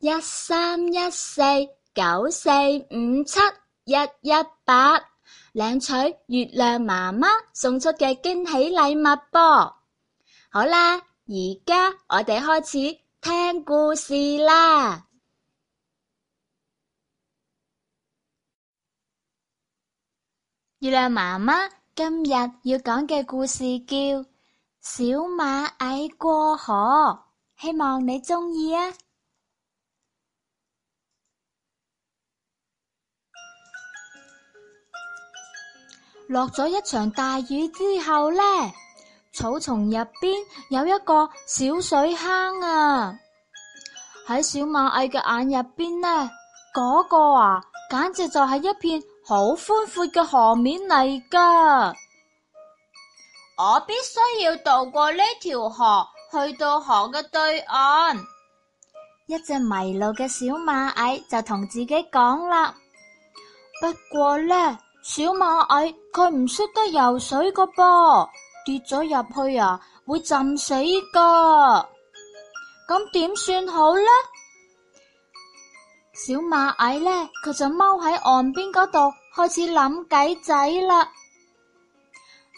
一三一四九四五七一一八，領取月亮媽媽送出嘅驚喜禮物啵。好啦，而家我哋開始聽故事啦。月亮媽媽今日要講嘅故事叫《小螞蟻過河》，希望你鍾意啊！落咗一場大雨之後呢，草叢入邊有一個小水坑啊！喺小螞蟻嘅眼入邊呢，嗰個啊簡直就係一片好寬闊嘅河面嚟噶。我必須要渡過呢條河，去到河嘅對岸。一隻迷路嘅小螞蟻就同自己講啦。不過呢。」小螞蟻佢唔識得游水噶噃，跌咗入去啊，會浸死噶。咁、嗯、點算好呢？小螞蟻呢，佢就踎喺岸邊嗰度，開始諗計仔啦。呢、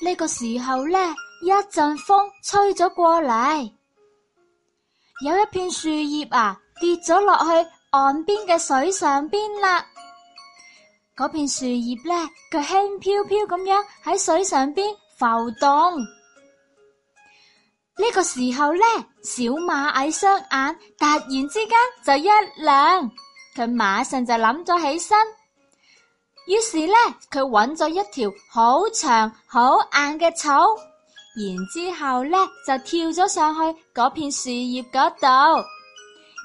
呢個時候呢，一陣風吹咗過嚟，有一片樹葉啊，跌咗落去岸邊嘅水上邊啦。嗰片樹葉咧，佢輕飄飄咁樣喺水上邊浮動。呢個時候咧，小螞蟻雙眼突然之間就一亮，佢馬上就諗咗起身。於是咧，佢搵咗一條好長好硬嘅草，然之後咧就跳咗上去嗰片樹葉嗰度，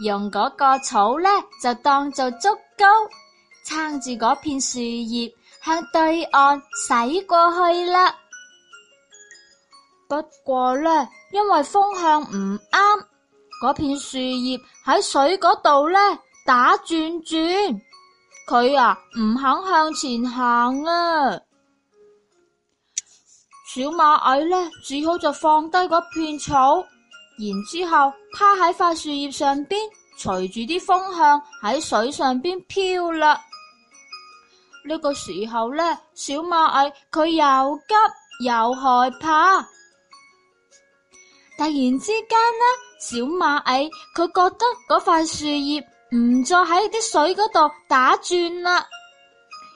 用嗰個草咧就當做竹篙撐住嗰片樹葉向對岸駛過去啦。不過呢，因為風向唔啱，嗰片樹葉喺水嗰度呢打轉轉，佢啊唔肯向前行啊。小螞蟻呢只好就放低嗰片草，然之後趴喺塊樹葉上邊，隨住啲風向喺水上邊飄啦。呢個時候咧，小螞蟻佢又急又害怕。突然之間呢，小螞蟻佢覺得嗰塊樹葉唔再喺啲水嗰度打轉啦，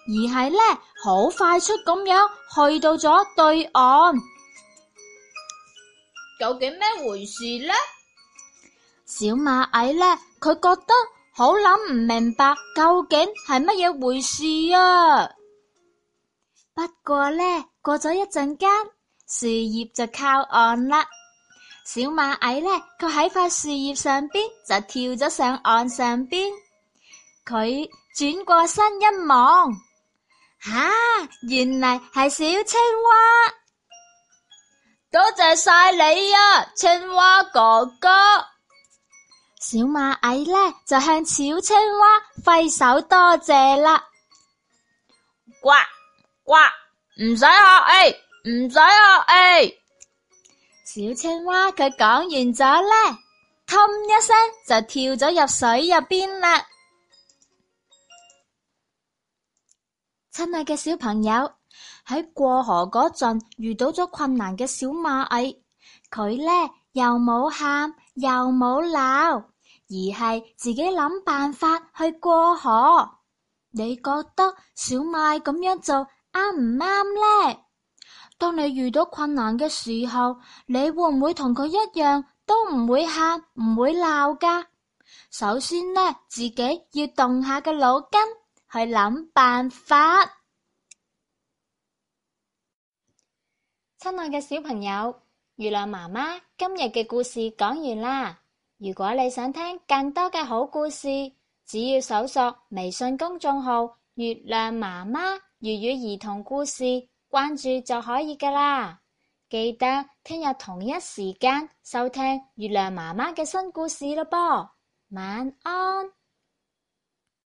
而係咧好快速咁樣去到咗對岸。究竟咩回事呢？小螞蟻咧，佢覺得。好諗唔明白，究竟係乜嘢回事啊！不過呢，過咗一陣間，樹葉就靠岸啦。小螞蟻呢，佢喺塊樹葉上邊就跳咗上岸上邊。佢轉過身一望，吓、啊，原嚟係小青蛙。多謝晒你啊，青蛙哥哥。小螞蟻呢，就向小青蛙揮手多謝啦，呱呱、呃，唔、呃、使學藝，唔使學藝。小青蛙佢講完咗呢，嘭一聲就跳咗入水入邊啦。親愛嘅小朋友，喺過河嗰陣遇到咗困難嘅小螞蟻，佢呢，又冇喊又冇鬧，而係自己諗辦法去過河，你覺得小麥咁樣做啱唔啱呢？當你遇到困難嘅時候，你會唔會同佢一樣都唔會喊唔會鬧噶？首先呢，自己要動下個腦筋去諗辦法。親愛嘅小朋友，月亮媽媽今日嘅故事講完啦。如果你想聽更多嘅好故事，只要搜索微信公眾號月亮媽媽粵語兒童故事，關注就可以噶啦。記得聽日同一時間收聽月亮媽媽嘅新故事咯，噃。晚安。